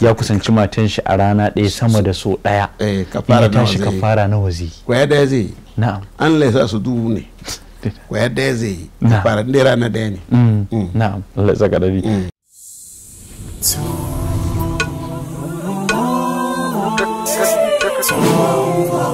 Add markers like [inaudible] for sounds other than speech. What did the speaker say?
ya kusanci matan shi a rana ɗaya sama da so ɗaya in eh, ka fara kafara nawa zai kwaya ɗaya zai yi na'am an laisa su dubu ne kwaya [laughs] ɗaya zai yi kafara ɗaya rana ɗaya ne mm, mm. na'am Allah saka